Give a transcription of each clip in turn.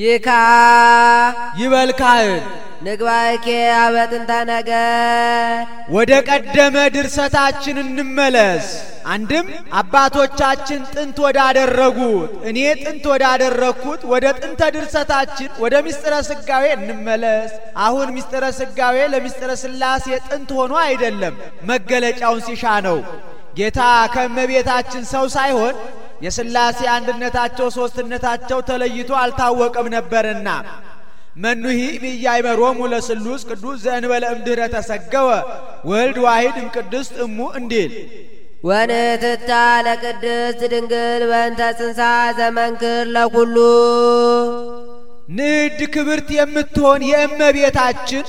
ይካ ይበል ካህን ንግባኬ አበጥንተ ነገር ወደ ቀደመ ድርሰታችን እንመለስ። አንድም አባቶቻችን ጥንት ወዳደረጉት እኔ ጥንት ወዳደረግኩት ወደ ጥንተ ድርሰታችን ወደ ምስጢረ ስጋዌ እንመለስ። አሁን ምስጢረ ስጋዌ ለምስጢረ ስላሴ ጥንት ሆኖ አይደለም፣ መገለጫውን ሲሻ ነው። ጌታ ከእመቤታችን ሰው ሳይሆን የሥላሴ አንድነታቸው ሦስትነታቸው ተለይቶ አልታወቀም ነበርና መኑሂ መሮሙ ለስሉስ ቅዱስ ዘእንበለ እምድኅረ ተሰገወ ወልድ ዋሂድ እምቅድስት እሙ እንዲል ወንትታ ለቅድስት ድንግል በእንተ ጽንሳ ዘመንክር ለኩሉ ንድ ክብርት የምትሆን የእመቤታችን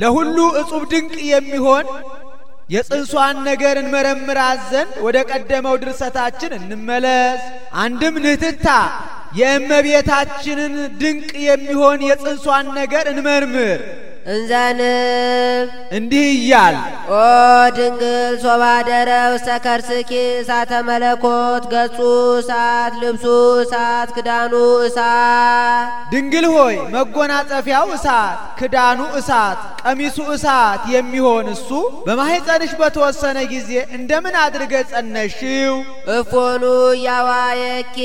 ለሁሉ እጹብ ድንቅ የሚሆን የጽንሷን ነገር እንመረምራት ዘንድ ወደ ቀደመው ድርሰታችን እንመለስ። አንድም ንህትታ የእመቤታችንን ድንቅ የሚሆን የጽንሷን ነገር እንመርምር። እንዘንብ እንዲህ እያል ኦ ድንግል ሶባደረ ውስተ ከርስኪ እሳተ መለኮት ገጹ እሳት ልብሱ እሳት ክዳኑ እሳት። ድንግል ሆይ መጎናጸፊያው እሳት ክዳኑ እሳት ቀሚሱ እሳት የሚሆን እሱ በማህፀንሽ በተወሰነ ጊዜ እንደምን አድርገ ጸነሽው? እፎኑ እያዋየኪ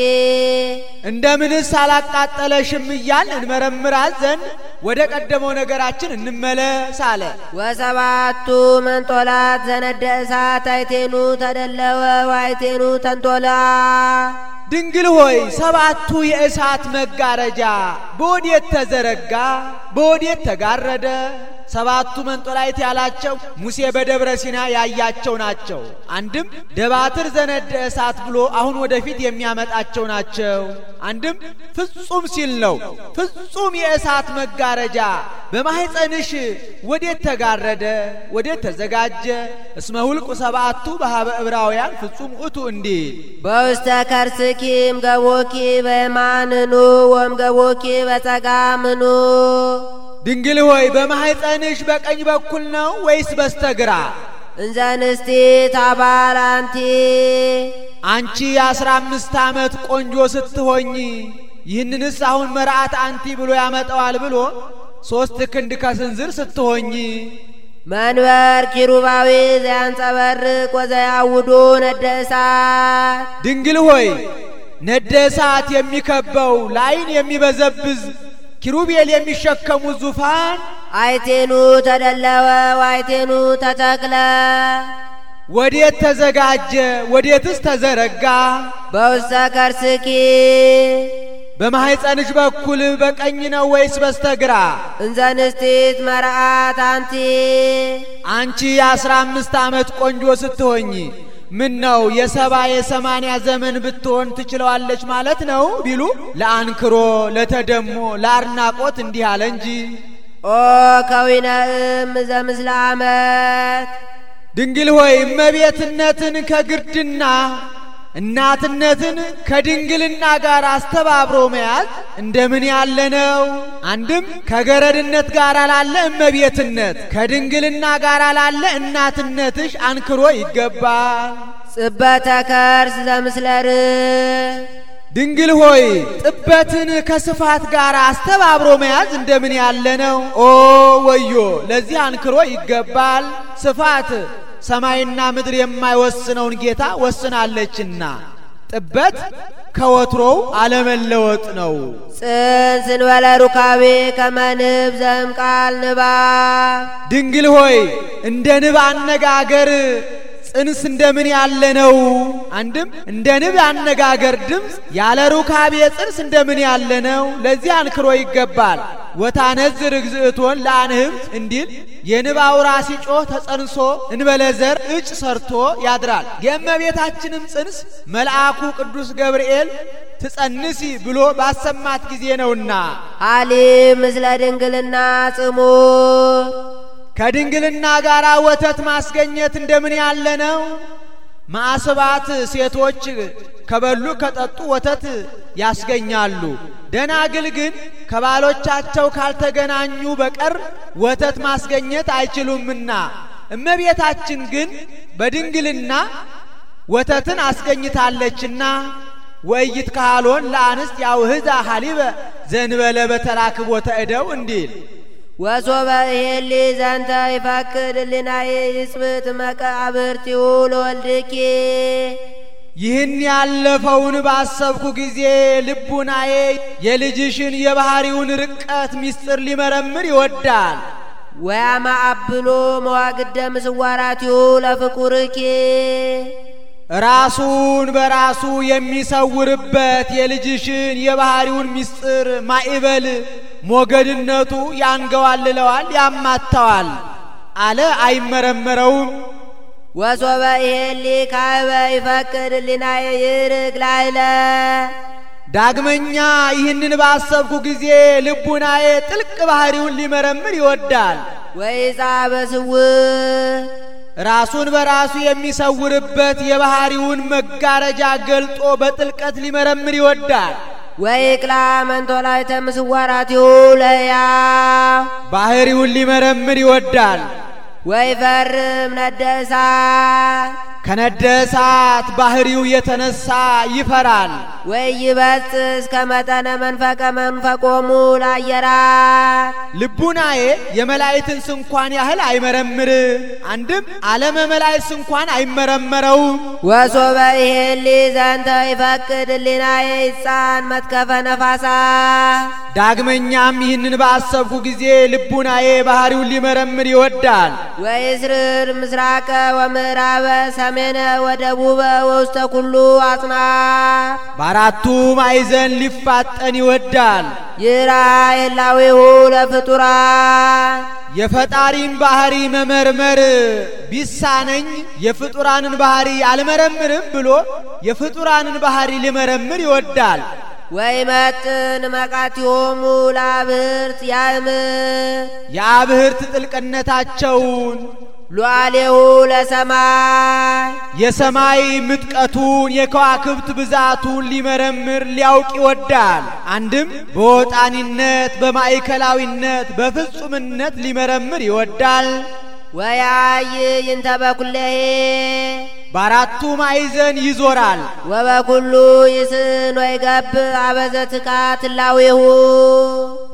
እንደምንስ አላቃጠለሽም እያል እንመረምራት ዘንድ ወደ ቀደመው ነገራችን እንመለስ አለ። ወሰባቱ መንጦላት ዘነደ እሳት አይቴኑ ተደለወ ዋይቴኑ ተንጦላ። ድንግል ሆይ ሰባቱ የእሳት መጋረጃ በወዴት ተዘረጋ? በወዴት ተጋረደ? ሰባቱ መንጦላይት ያላቸው ሙሴ በደብረ ሲና ያያቸው ናቸው። አንድም ደባትር ዘነደ እሳት ብሎ አሁን ወደፊት የሚያመጣቸው ናቸው። አንድም ፍጹም ሲል ነው። ፍጹም የእሳት መጋረጃ በማኅፀንሽ ወዴት ተጋረደ? ወዴት ተዘጋጀ? እስመ ሁልቁ ሰባቱ በሀበ ዕብራውያን ፍጹም ውእቱ እንዲል በውስተ ከርስኪም ገቦኪ በየማንኑ ወም ገቦኪ በጸጋምኑ ድንግል ሆይ በማኅፀንሽ በቀኝ በኩል ነው ወይስ በስተግራ? እንዘ ንስቲ ታባል አንቲ አንቺ የአስራ አምስት ዓመት ቆንጆ ስትሆኝ ይህንንስ አሁን መርአት አንቲ ብሎ ያመጣዋል ብሎ ሦስት ክንድ ከስንዝር ስትሆኝ መንበር ኪሩባዊ ዘያንጸበርቅ ወዘያውዱ ነደ እሳት ድንግል ሆይ ነደ እሳት የሚከበው ላይን የሚበዘብዝ ኪሩቤል የሚሸከሙ ዙፋን አይቴኑ ተደለወ ወአይቴኑ ተተክለ ወዴት ተዘጋጀ? ወዴትስ ተዘረጋ? በውስተ ከርስኪ በኩል በቀኝ ነው ወይስ በስተግራ? እንዘ ንስቲት መርአት አንቲ አንቺ የአስራ አምስት ዓመት ቆንጆ ስትሆኝ ምን ነው የሰባ የሰማንያ ዘመን ብትሆን ትችለዋለች ማለት ነው ቢሉ ለአንክሮ ለተደሞ ለአድናቆት እንዲህ አለ እንጂ ኦ ከዊነእም ዘምስለ አመት ድንግል ሆይ እመቤትነትን ከግርድና እናትነትን ከድንግልና ጋር አስተባብሮ መያዝ እንደምን ያለ ነው? አንድም ከገረድነት ጋር ላለ እመቤትነት፣ ከድንግልና ጋር ላለ እናትነትሽ አንክሮ ይገባል። ጽበተ ከርስ ዘምስለር ድንግል ሆይ ጥበትን ከስፋት ጋር አስተባብሮ መያዝ እንደምን ያለ ነው? ኦ ወዮ! ለዚህ አንክሮ ይገባል። ስፋት ሰማይና ምድር የማይወስነውን ጌታ ወስናለችና ጥበት ከወትሮው አለመለወጥ ነው። ጽንስን ወለ ሩካቤ ከመንብ ዘምቃል ንባ ድንግል ሆይ እንደ ንብ አነጋገር ጽንስ እንደምን ያለ ነው? አንድም እንደ ንብ አነጋገር ድምፅ ያለ ሩካቤ ጽንስ እንደምን ያለ ነው? ለዚህ አንክሮ ይገባል። ወታነዝር እግዝእቶን ለአንህም እንዲል የንብ አውራ ሲጮህ ተጸንሶ እንበለዘር እጭ ሰርቶ ያድራል። የእመቤታችንም ጽንስ መልአኩ ቅዱስ ገብርኤል ትጸንሲ ብሎ ባሰማት ጊዜ ነውና አሊም ምስለ ድንግልና ጽሙ ከድንግልና ጋር ወተት ማስገኘት እንደምን ያለ ነው? ማዕስባት ሴቶች ከበሉ ከጠጡ ወተት ያስገኛሉ። ደናግል ግን ከባሎቻቸው ካልተገናኙ በቀር ወተት ማስገኘት አይችሉምና፣ እመቤታችን ግን በድንግልና ወተትን አስገኝታለችና ወይት ካሎን ለአንስት ያውህዛ ሐሊበ ዘንበለ በተራክቦ ተእደው እንዲል ወሶበይሄሊ ዘንተ ይፈቅድ ልናይ ይጽብት መቃብርቲሁ ለወልድኪ ይህን ያለፈውን ባሰብኩ ጊዜ ልቡናዬ የልጅሽን የባህሪውን ርቀት ምስጢር ሊመረምር ይወዳል። ወያማ አብሎ መዋግደ ምስዋራቲሁ ለፍቁርኪ ራሱን በራሱ የሚሰውርበት የልጅሽን የባህሪውን ምስጢር ማዕበል ሞገድነቱ ያንገዋልለዋል፣ ያማተዋል አለ አይመረመረውም። ወሶበ ይሄሊ ካህበ ይፈቅድ ሊናየ ላይለ ዳግመኛ ይህንን ባሰብኩ ጊዜ ልቡናዬ ጥልቅ ባህሪውን ሊመረምር ይወዳል። ወይዛ በስው ራሱን በራሱ የሚሰውርበት የባህሪውን መጋረጃ ገልጦ በጥልቀት ሊመረምር ይወዳል። ወይቅላ ላይ ምስዋራቲሁ ለያ ባህሪውን ሊመረምር ይወዳል። ወይፈርም ነደ ከነደሳት ባህሪው የተነሳ ይፈራል። ወይ እስከ መጠነ መንፈቀ መንፈቆሙ ለአየራት ልቡናዬ የመላእክትንስ ስንኳን ያህል አይመረምር፣ አንድም ዓለመ መላእክትስ ስንኳን አይመረመረውም። ወሶበ ይሄሊ ዘንተ ይፈቅድ ሊናዬ ይጻን መትከፈ ነፋሳ ዳግመኛም ይህንን ባሰብኩ ጊዜ ልቡናዬ ባህሪውን ሊመረምር ይወዳል። ወይ ስርር ምስራቀ ወምዕራበ ሰ ወሰሜነ ወደቡበ ወውስተ ኩሉ አጽናፍ በአራቱ ማዕዘን ሊፋጠን ይወዳል። ይራ የላዊሁ ለፍጡራ የፈጣሪን ባህሪ መመርመር ቢሳነኝ የፍጡራንን ባህሪ አልመረምርም ብሎ የፍጡራንን ባህሪ ሊመረምር ይወዳል። ወይ መጥን መቃቲሆሙ ለአብህርት ያእምር የአብህርት ጥልቅነታቸውን ሏሌው ለሰማይ የሰማይ ምጥቀቱን የከዋክብት ብዛቱን ሊመረምር ሊያውቅ ይወዳል። አንድም በወጣኒነት በማዕከላዊነት በፍጹምነት ሊመረምር ይወዳል። ወያይ ይንተበኩለሄ በአራቱ ማዕዘን ይዞራል። ወበኩሉ ይስን ወይገብ አበዘትካ ትላዊሁ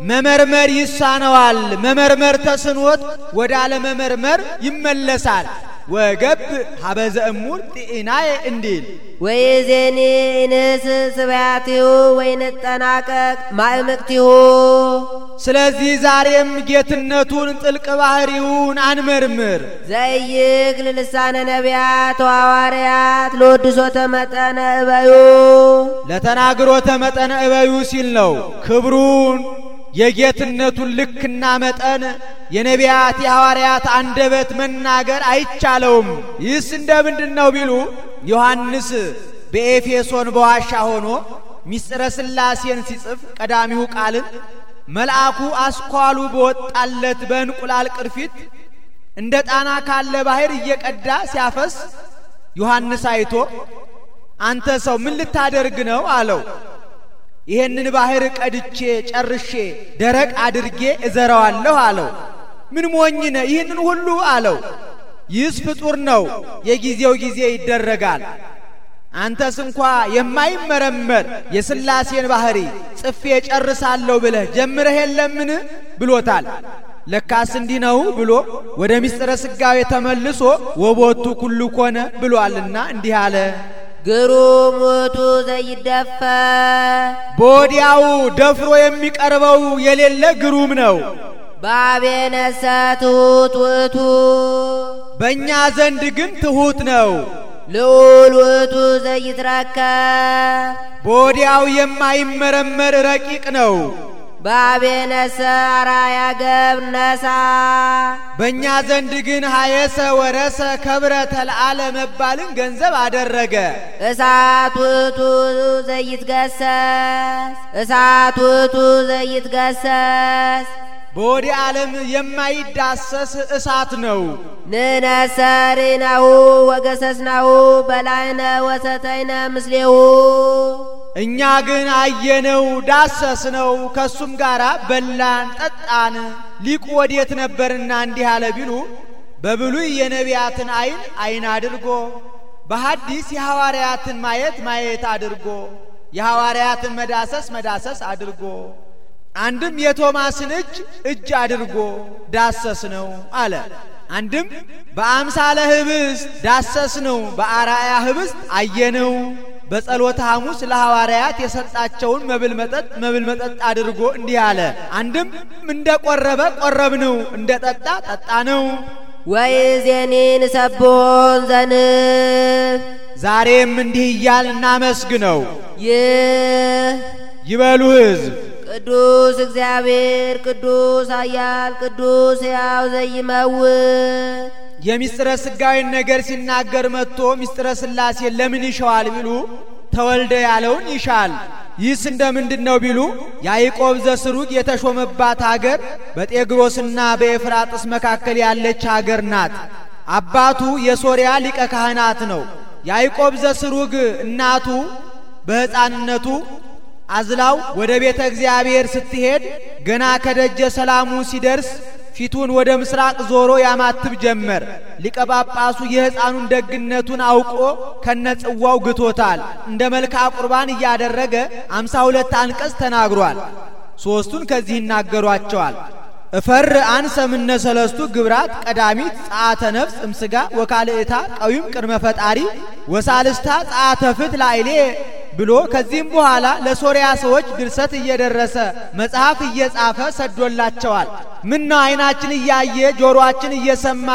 መመርመር ይሳነዋል። መመርመር ተስኖት ወደ አለመመርመር ይመለሳል። ወገብ ሀበዘ እሙር ጢኢናዬ እንዲል ወይዜኒ ኢንስ ስብያቲሁ ንጠናቀቅ ማእምቅቲሁ። ስለዚህ ዛሬም ጌትነቱን ጥልቅ ባህሪውን አንመርምር። ዘይግ ልልሳነ ነቢያት ዋዋርያት ለወድሶተ ተመጠነ እበዩ ለተናግሮተ መጠነ እበዩ ሲል ነው ክብሩን የጌትነቱን ልክና መጠን የነቢያት የሐዋርያት አንደበት መናገር አይቻለውም። ይህስ እንደ ምንድን ነው ቢሉ ዮሐንስ በኤፌሶን በዋሻ ሆኖ ሚስጥረ ሥላሴን ሲጽፍ ቀዳሚው ቃልን መልአኩ አስኳሉ በወጣለት በእንቁላል ቅርፊት እንደ ጣና ካለ ባሕር እየቀዳ ሲያፈስ ዮሐንስ አይቶ አንተ ሰው ምን ልታደርግ ነው? አለው። ይሄንን ባህር ቀድቼ ጨርሼ ደረቅ አድርጌ እዘረዋለሁ አለው። ምን ሞኝ ነ ይህንን ሁሉ አለው። ይህስ ፍጡር ነው፣ የጊዜው ጊዜ ይደረጋል። አንተስ እንኳ የማይመረመር የስላሴን ባህሪ ጽፌ ጨርሳለሁ ብለህ ጀምረህ የለምን ብሎታል። ለካስ እንዲህ ነው ብሎ ወደ ምስጢረ ስጋዌ ተመልሶ ወቦቱ ኩሉ ኮነ ብሏልና እንዲህ አለ። ግሩም ውእቱ ዘይደፈ በወዲያው ደፍሮ የሚቀርበው የሌለ ግሩም ነው። በአቤነሰ ትሑት ውእቱ በእኛ ዘንድ ግን ትሑት ነው። ልዑል ውእቱ ዘይትረከ በወዲያው የማይመረመር ረቂቅ ነው። ባቤነሰ አራያ ገብነሳ በእኛ ዘንድ ግን ሀየሰ ወረሰ ከብረ ተልአለ መባልን ገንዘብ አደረገ። እሳቱቱ ዘይት ገሰስ እሳት ውእቱ ዘይትገሰስ በወዲ ዓለም የማይዳሰስ እሳት ነው። ንነሰሪናሁ ወገሰስናሁ በላይነ ወሰተይነ ምስሌሁ እኛ ግን አየነው፣ ዳሰስነው፣ ከሱም ጋር በላን፣ ጠጣን። ሊቁ ወዴት ነበርና እንዲህ አለ ቢሉ በብሉይ የነቢያትን አይን አይን አድርጎ በሐዲስ የሐዋርያትን ማየት ማየት አድርጎ የሐዋርያትን መዳሰስ መዳሰስ አድርጎ አንድም የቶማስን እጅ እጅ አድርጎ ዳሰስ ነው አለ። አንድም በአምሳለ ህብስት ዳሰስ ነው፣ በአራያ ህብስት አየነው በጸሎተ ሐሙስ ለሐዋርያት የሰጣቸውን መብል መጠጥ መብል መጠጥ አድርጎ እንዲህ አለ። አንድም እንደቆረበ ነው እንደጠጣ ጠጣ ነው። ወይ ወይዜኒን ሰቦን ዘን ዛሬም እንዲህ እያል እናመስግነው። ይህ ይበሉ ሕዝብ ቅዱስ እግዚአብሔር ቅዱስ አያል ቅዱስ ያው ዘይመውት የሚስጥረ ስጋዊን ነገር ሲናገር መጥቶ ሚስጥረ ስላሴ ለምን ይሸዋል ቢሉ ተወልደ ያለውን ይሻል። ይህስ እንደ ምንድን ነው ቢሉ ያዕቆብ ዘስሩግ የተሾመባት አገር በጤግሮስና በኤፍራጥስ መካከል ያለች አገር ናት። አባቱ የሶርያ ሊቀ ካህናት ነው። ያዕቆብ ዘስሩግ እናቱ በሕፃንነቱ አዝላው ወደ ቤተ እግዚአብሔር ስትሄድ ገና ከደጀ ሰላሙ ሲደርስ ፊቱን ወደ ምስራቅ ዞሮ ያማትብ ጀመር። ሊቀ ጳጳሱ የሕፃኑን ደግነቱን አውቆ ከነጽዋው ግቶታል። እንደ መልክዓ ቁርባን እያደረገ አምሳ ሁለት አንቀጽ ተናግሯል። ሦስቱን ከዚህ ይናገሯቸዋል። እፈር አንሰ ምነ ሰለስቱ ግብራት ቀዳሚት ጸአተ ነፍስ እምስጋ ወካልእታ ቀዊም ቅድመ ፈጣሪ ወሳልስታ ጸአተ ፍት ላይሌ ብሎ ከዚህም በኋላ ለሶሪያ ሰዎች ድርሰት እየደረሰ መጽሐፍ እየጻፈ ሰዶላቸዋል። ምን ነው ዓይናችን እያየ ጆሮአችን እየሰማ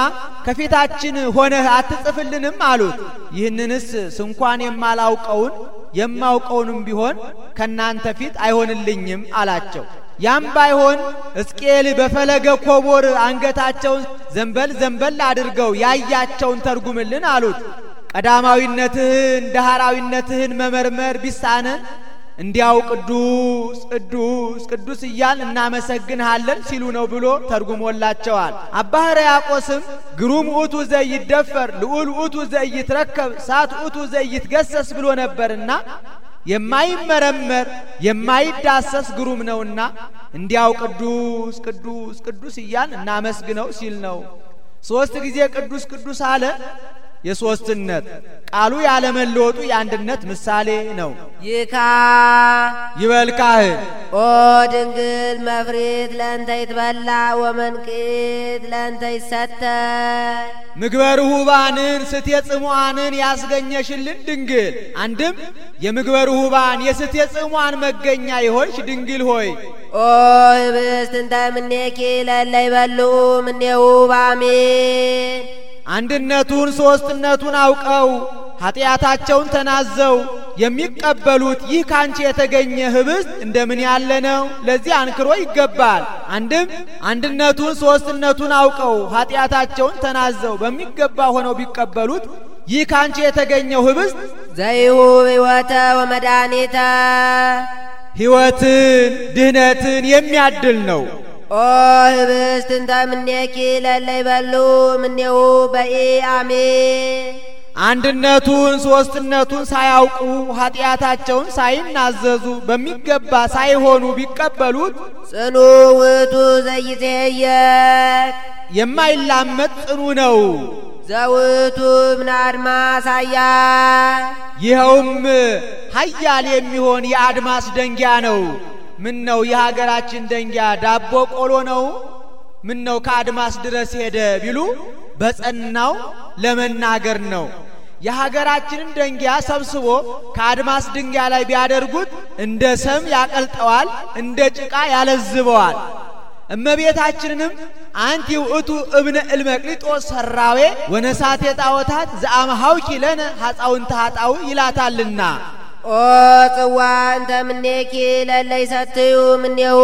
ከፊታችን ሆነህ አትጽፍልንም አሉት። ይህንንስ ስንኳን የማላውቀውን የማውቀውንም ቢሆን ከእናንተ ፊት አይሆንልኝም አላቸው። ያም ባይሆን እስቄል በፈለገ ኮቦር አንገታቸውን ዘንበል ዘንበል አድርገው ያያቸውን ተርጉምልን አሉት። ቀዳማዊነትህን ዳህራዊነትህን መመርመር ቢሳነን እንዲያው ቅዱስ ቅዱስ ቅዱስ እያል እናመሰግንሃለን ሲሉ ነው ብሎ ተርጉሞላቸዋል። አባ ሕርያቆስም ግሩም ውእቱ ዘይደፈር ልዑል ውእቱ ዘይትረከብ ሳት ውእቱ ዘይትገሰስ ብሎ ነበርና የማይመረመር የማይዳሰስ ግሩም ነውና እንዲያው ቅዱስ ቅዱስ ቅዱስ እያን እናመስግነው ሲል ነው። ሶስት ጊዜ ቅዱስ ቅዱስ አለ። የሶስትነት ቃሉ ያለመለወጡ የአንድነት ምሳሌ ነው። ይካ ይበልካህ ኦ ድንግል መፍሪት ለእንተ ይትበላ ወመንቅት ለእንተ ይሰተ ምግበር ሁባንን ስቴ ጽሙዓንን ያስገኘሽልን ድንግል አንድም የምግበር ሁባን የስቴ ጽሙዓን መገኛ ይሆንሽ ድንግል ሆይ ኦ ህብስት እንተ ምኔኪ ለለይበልኡ ምኔሁ አንድነቱን ሶስትነቱን አውቀው ኃጢአታቸውን ተናዘው የሚቀበሉት ይህ ካንቺ የተገኘ ህብስት እንደምን ያለ ነው! ለዚህ አንክሮ ይገባል። አንድም አንድነቱን ሶስትነቱን አውቀው ኃጢአታቸውን ተናዘው በሚገባ ሆነው ቢቀበሉት ይህ ካንቺ የተገኘው ህብስት ዘይሁ ሕይወተ ወመድኃኒተ ሕይወትን ድህነትን የሚያድል ነው። ኦ ህብስት እንታ ምኔኪ ለላይ በሉ ምኔው በኢ አሜ አንድነቱን ሶስትነቱን ሳያውቁ ኃጢአታቸውን ሳይናዘዙ በሚገባ ሳይሆኑ ቢቀበሉት ጽኑ ውቱ ዘይሴየክ የማይላመጥ ጽኑ ነው። ዘውቱ አድማስ አያ ይኸውም ኃያል የሚሆን የአድማስ ደንጊያ ነው። ምን ነው የሀገራችን ደንጊያ ዳቦ ቆሎ ነው? ምን ነው ከአድማስ ድረስ ሄደ ቢሉ በጸናው ለመናገር ነው። የሀገራችንን ደንጊያ ሰብስቦ ከአድማስ ድንጋይ ላይ ቢያደርጉት እንደ ሰም ያቀልጠዋል፣ እንደ ጭቃ ያለዝበዋል። እመቤታችንንም አንቲ ውእቱ እብነ እልመቅሊጦስ ሰራዌ ወነሳቴ ጣዖታት ዘአምሃውኪ ለነ ሐፃውንተ ኃጣዊ ይላታልና ኦ ጽዋ እንተ ምኔኪ ለለ ይሰትዩ ምኔሁ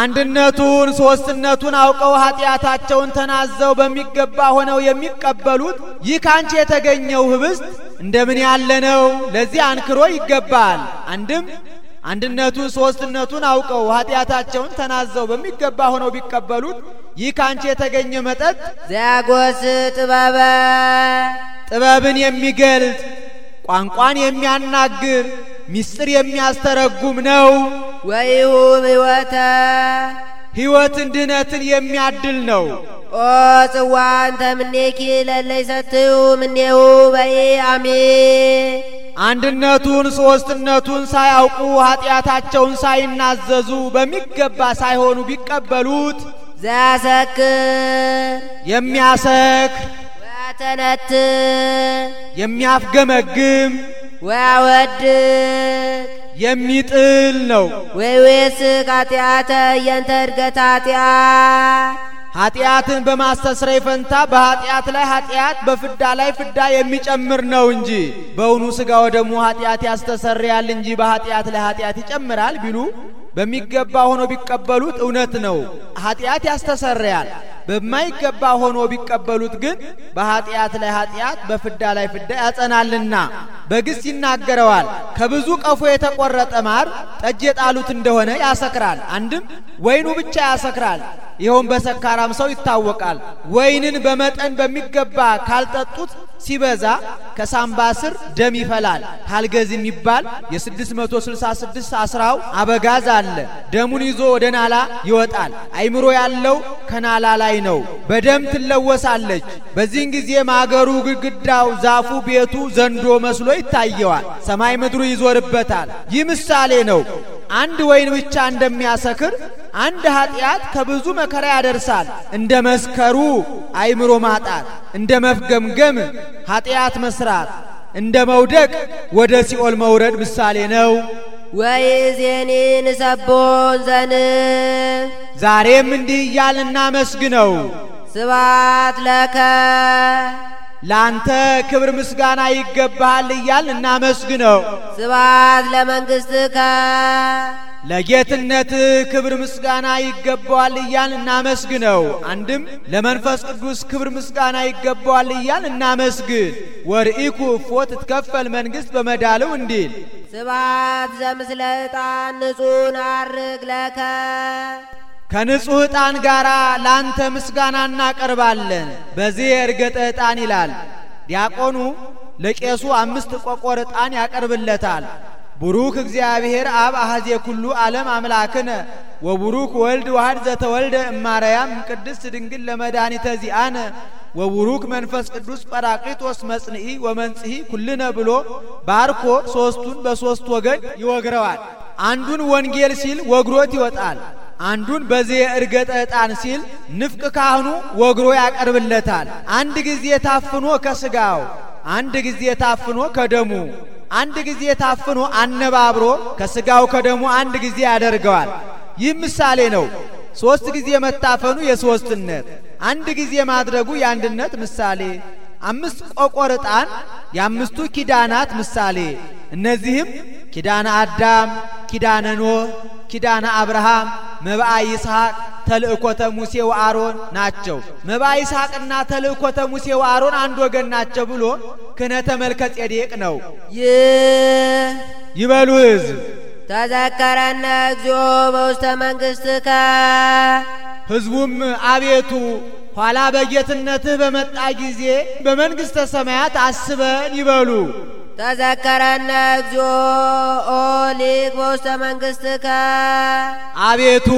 አንድነቱን ሶስትነቱን አውቀው ኃጢአታቸውን ተናዘው በሚገባ ሆነው የሚቀበሉት ይህ ካንቺ የተገኘው ህብስት እንደምን ያለ ነው? ለዚህ አንክሮ ይገባል። አንድም አንድነቱን ሶስትነቱን አውቀው ኃጢአታቸውን ተናዘው በሚገባ ሆነው ቢቀበሉት ይህ ካንቺ የተገኘ መጠጥ ዘያጎስ ጥበበ ጥበብን የሚገልጥ ቋንቋን የሚያናግር ምስጢር የሚያስተረጉም ነው። ወይሁም ሕይወተ ሕይወትን ድህነትን የሚያድል ነው። ኦ ጽዋን ተምኔኪ ለለይ ሰትዩ ምኔሁ በይ አሜ አንድነቱን ሶስትነቱን ሳያውቁ ኃጢአታቸውን ሳይናዘዙ በሚገባ ሳይሆኑ ቢቀበሉት ዘያሰክር የሚያሰክር ያተነት የሚያፍገመግም ወያወድቅ የሚጥል ነው። ወይስ ኃጢአተ የንተ እድገተ ኃጢአት ኃጢአትን በማስተስረይ ፈንታ በኃጢአት ላይ ኃጢአት በፍዳ ላይ ፍዳ የሚጨምር ነው እንጂ በእውኑ ሥጋ ወደሙ ኃጢአት ያስተሰርያል እንጂ በኃጢአት ላይ ኃጢአት ይጨምራል ቢሉ በሚገባ ሆኖ ቢቀበሉት እውነት ነው። ኃጢአት ያስተሰርያል በማይገባ ሆኖ ቢቀበሉት ግን በኃጢአት ላይ ኃጢአት፣ በፍዳ ላይ ፍዳ ያጸናልና በግስ ይናገረዋል። ከብዙ ቀፎ የተቆረጠ ማር ጠጅ የጣሉት እንደሆነ ያሰክራል። አንድም ወይኑ ብቻ ያሰክራል። ይኸውም በሰካራም ሰው ይታወቃል። ወይንን በመጠን በሚገባ ካልጠጡት ሲበዛ ከሳምባ ስር ደም ይፈላል። ካልገዝ የሚባል የ666 አስራው አበጋዝ አለ። ደሙን ይዞ ወደ ናላ ይወጣል። አይምሮ ያለው ከናላ ላይ ነው። በደም ትለወሳለች። በዚህን ጊዜ ማገሩ፣ ግድግዳው፣ ዛፉ፣ ቤቱ ዘንዶ መስሎ ይታየዋል። ሰማይ ምድሩ ይዞርበታል። ይህ ምሳሌ ነው። አንድ ወይን ብቻ እንደሚያሰክር አንድ ኃጢአት ከብዙ መከራ ያደርሳል። እንደ መስከሩ አይምሮ ማጣት፣ እንደ መፍገምገም ኃጢአት መስራት፣ እንደ መውደቅ ወደ ሲኦል መውረድ ምሳሌ ነው። ወይዜኒ ንሰብሖ ዘን ዛሬም እንዲህ እያልን እናመስግነው። ስብሐት ለከ ለአንተ ክብር ምስጋና ይገባሃል እያል እናመስግነው። ስብሐት ለመንግሥትከ ለጌትነት ክብር ምስጋና ይገባዋል እያል እናመስግነው። አንድም ለመንፈስ ቅዱስ ክብር ምስጋና ይገባዋል እያል እናመስግን። ወርኢኩ እፎት ትከፈል መንግስት በመዳለው እንዲል ስባት ዘምስለ ዕጣን ንጹህ አርግ ለከ ከንጹሕ ዕጣን ጋር ላንተ ምስጋና እናቀርባለን። በዚህ የእርገጠ ዕጣን ይላል ዲያቆኑ ለቄሱ አምስት ቆቆር ዕጣን ያቀርብለታል። ቡሩክ እግዚአብሔር አብ አሐዜ ኩሉ ዓለም አምላክነ ወቡሩክ ወልድ ዋህድ ዘተወልደ እማርያም ቅድስት ድንግል ለመድኃኒተ ዚአነ ወቡሩክ መንፈስ ቅዱስ ጰራቅሊጦስ መጽንኢ ወመንጽሂ ኩልነ ብሎ ባርኮ ሦስቱን በሦስት ወገን ይወግረዋል። አንዱን ወንጌል ሲል ወግሮት ይወጣል። አንዱን በዚህ እርገጠ ዕጣን ሲል ንፍቅ ካህኑ ወግሮ ያቀርብለታል። አንድ ጊዜ ታፍኖ ከስጋው፣ አንድ ጊዜ ታፍኖ ከደሙ፣ አንድ ጊዜ ታፍኖ አነባብሮ ከስጋው ከደሙ አንድ ጊዜ ያደርገዋል። ይህ ምሳሌ ነው። ሶስት ጊዜ መታፈኑ የሶስትነት፣ አንድ ጊዜ ማድረጉ የአንድነት ምሳሌ፣ አምስት ቆቆር ዕጣን የአምስቱ ኪዳናት ምሳሌ። እነዚህም ኪዳነ አዳም፣ ኪዳነ ኖህ ኪዳነ አብርሃም፣ መብአ ይስሐቅ፣ ተልእኮተ ሙሴ ወአሮን ናቸው። መብአ ይስሐቅና ተልእኮተ ሙሴ ወአሮን አንድ ወገን ናቸው ብሎ ክህነተ መልከ ጼዴቅ ነው። ይበሉ ሕዝብ ተዘከረነ እግዚኦ በውስተ መንግሥትከ። ሕዝቡም አቤቱ ኋላ በጌትነትህ በመጣ ጊዜ በመንግሥተ ሰማያት አስበን ይበሉ። ተዘከረነ እግዚኦ ሊቅ በውስተ መንግሥትከ። አቤቱ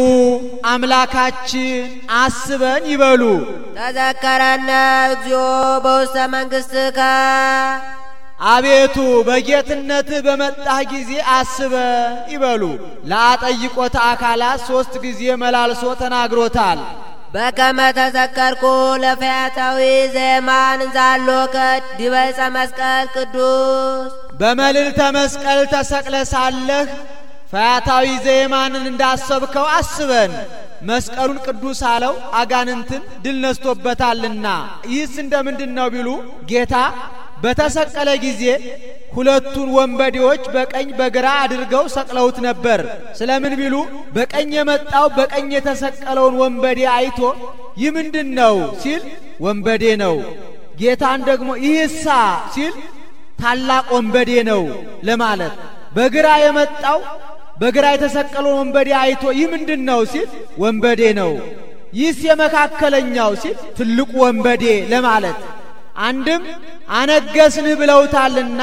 አምላካችን አስበን ይበሉ። ተዘከረነ እግዚኦ በውስተ መንግሥትከ። አቤቱ በጌትነት በመጣህ ጊዜ አስበን ይበሉ። ለአጠይቆተ አካላት ሶስት ጊዜ መላልሶ ተናግሮታል። በከመ ተዘከርኩ ለፈያታዊ ዘየማን ዛሎ ከዲበ መስቀል ቅዱስ በመልዕልተ መስቀል ተሰቅለ ሳለህ ፈያታዊ ዘየማንን እንዳሰብከው አስበን። መስቀሉን ቅዱስ አለው፣ አጋንንትን ድል ነስቶበታልና። ይህስ እንደምንድን ነው ቢሉ ጌታ በተሰቀለ ጊዜ ሁለቱን ወንበዴዎች በቀኝ በግራ አድርገው ሰቅለውት ነበር። ስለምን ቢሉ በቀኝ የመጣው በቀኝ የተሰቀለውን ወንበዴ አይቶ ይህ ምንድን ነው ሲል ወንበዴ ነው፣ ጌታን ደግሞ ይህሳ ሲል ታላቅ ወንበዴ ነው ለማለት። በግራ የመጣው በግራ የተሰቀለውን ወንበዴ አይቶ ይህ ምንድን ነው ሲል ወንበዴ ነው፣ ይህስ የመካከለኛው ሲል ትልቁ ወንበዴ ለማለት አንድም አነገስንህ ብለውታልና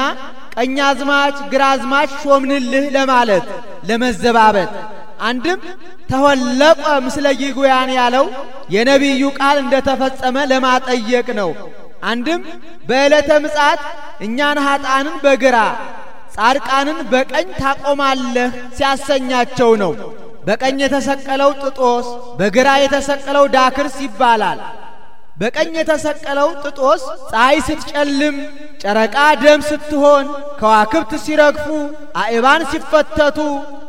ቀኛዝማች ግራዝማች ሾምንልህ ለማለት ለመዘባበት፣ አንድም ተወለቀ ምስለ ይጉያን ያለው የነቢዩ ቃል እንደተፈጸመ ለማጠየቅ ነው። አንድም በዕለተ ምጻት እኛን ኀጣንን በግራ ጻድቃንን በቀኝ ታቆማለህ ሲያሰኛቸው ነው። በቀኝ የተሰቀለው ጥጦስ፣ በግራ የተሰቀለው ዳክርስ ይባላል። በቀኝ የተሰቀለው ጥጦስ ፀሐይ ስትጨልም፣ ጨረቃ ደም ስትሆን፣ ከዋክብት ሲረግፉ፣ አእባን ሲፈተቱ፣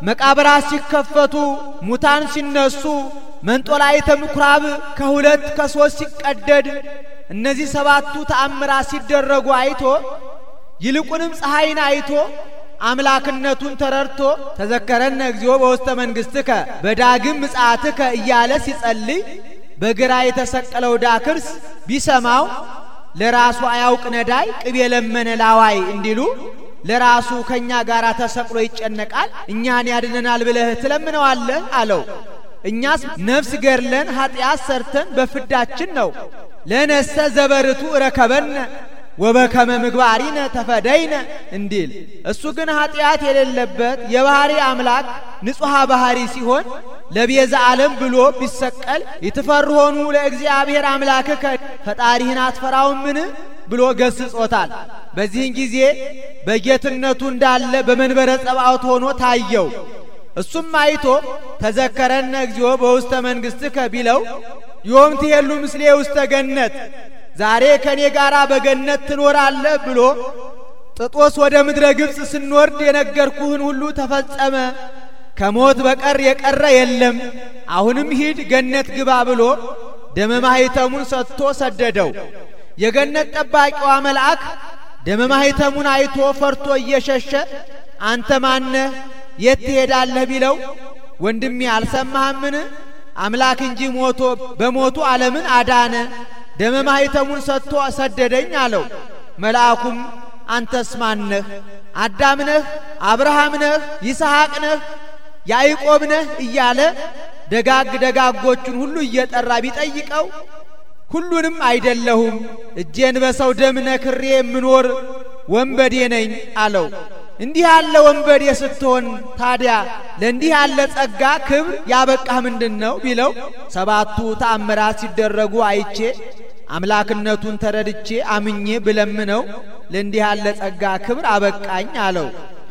መቃብራት ሲከፈቱ፣ ሙታን ሲነሱ፣ መንጦላይተ ምኩራብ ከሁለት ከሦስት ሲቀደድ፣ እነዚህ ሰባቱ ተአምራት ሲደረጉ አይቶ ይልቁንም ፀሐይን አይቶ አምላክነቱን ተረድቶ ተዘከረነ እግዚኦ በውስተ መንግሥትከ በዳግም ምጽአትከ እያለ ሲጸልይ በግራ የተሰቀለው ዳክርስ ቢሰማው ለራሱ አያውቅ ነዳይ ቅቤ ለመነ ላዋይ እንዲሉ ለራሱ ከእኛ ጋር ተሰቅሎ ይጨነቃል፣ እኛን ያድነናል ብለህ ትለምነዋለ አለው። እኛስ ነፍስ ገድለን ኀጢአት ሰርተን በፍዳችን ነው። ለነሰ ዘበርቱ ረከበነ ወበከመ ምግባሪነ ተፈደይነ እንዲል። እሱ ግን ኀጢአት የሌለበት የባህሪ አምላክ ንጹሐ ባህሪ ሲሆን ለቤዛ ዓለም ብሎ ቢሰቀል ይትፈርሆኑ ለእግዚአብሔር አምላክከ ፈጣሪህን አትፈራውምን ብሎ ገስጾታል። በዚህን ጊዜ በጌትነቱ እንዳለ በመንበረ ጸባዖት ሆኖ ታየው። እሱም አይቶ ተዘከረነ እግዚኦ በውስተ መንግሥትከ ቢለው ዮም ትሄሉ ምስሌ ውስተ ገነት፣ ዛሬ ከኔ ጋር በገነት ትኖራለህ ብሎ ጥጦስ ወደ ምድረ ግብፅ ስንወርድ የነገርኩህን ሁሉ ተፈጸመ ከሞት በቀር የቀረ የለም፣ አሁንም ሂድ ገነት ግባ ብሎ ደመ ማኅተሙን ሰጥቶ ሰደደው። የገነት ጠባቂዋ መልአክ ደመ ማኅተሙን አይቶ ፈርቶ እየሸሸ አንተ ማነህ? የት ትሄዳለህ? ቢለው ወንድሜ አልሰማህምን? አምላክ እንጂ ሞቶ በሞቱ ዓለምን አዳነ፣ ደመ ማኅተሙን ሰጥቶ ሰደደኝ አለው። መልአኩም አንተስ ማነህ? ነህ? አዳም ነህ? አብርሃም ነህ? ይስሐቅ ነህ? ያዕቆብ ነህ እያለ ደጋግ ደጋጎቹን ሁሉ እየጠራ ቢጠይቀው ሁሉንም አይደለሁም፣ እጄን በሰው ደም ነክሬ የምኖር ወንበዴ ነኝ አለው። እንዲህ ያለ ወንበዴ ስትሆን ታዲያ ለእንዲህ ያለ ጸጋ ክብር ያበቃህ ምንድን ነው ቢለው ሰባቱ ተአምራት ሲደረጉ አይቼ አምላክነቱን ተረድቼ አምኜ ብለምነው ለእንዲህ ያለ ጸጋ ክብር አበቃኝ አለው።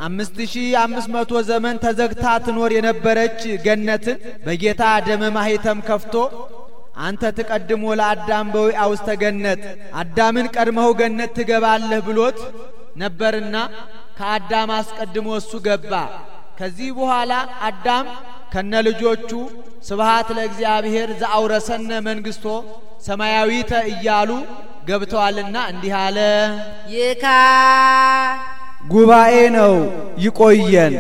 አምስት ሺህ አምስት መቶ ዘመን ተዘግታ ትኖር የነበረች ገነትን በጌታ ደመ ማኅተም ከፍቶ አንተ ትቀድሞ ለአዳም በዊአ ውስተ ገነት አዳምን ቀድመው ገነት ትገባለህ ብሎት ነበርና ከአዳም አስቀድሞ እሱ ገባ። ከዚህ በኋላ አዳም ከነ ልጆቹ ስብሃት ለእግዚአብሔር ዘአውረሰነ መንግስቶ ሰማያዊተ እያሉ ገብተዋልና እንዲህ አለ ይካ ጉባኤ ነው። ይቆየን።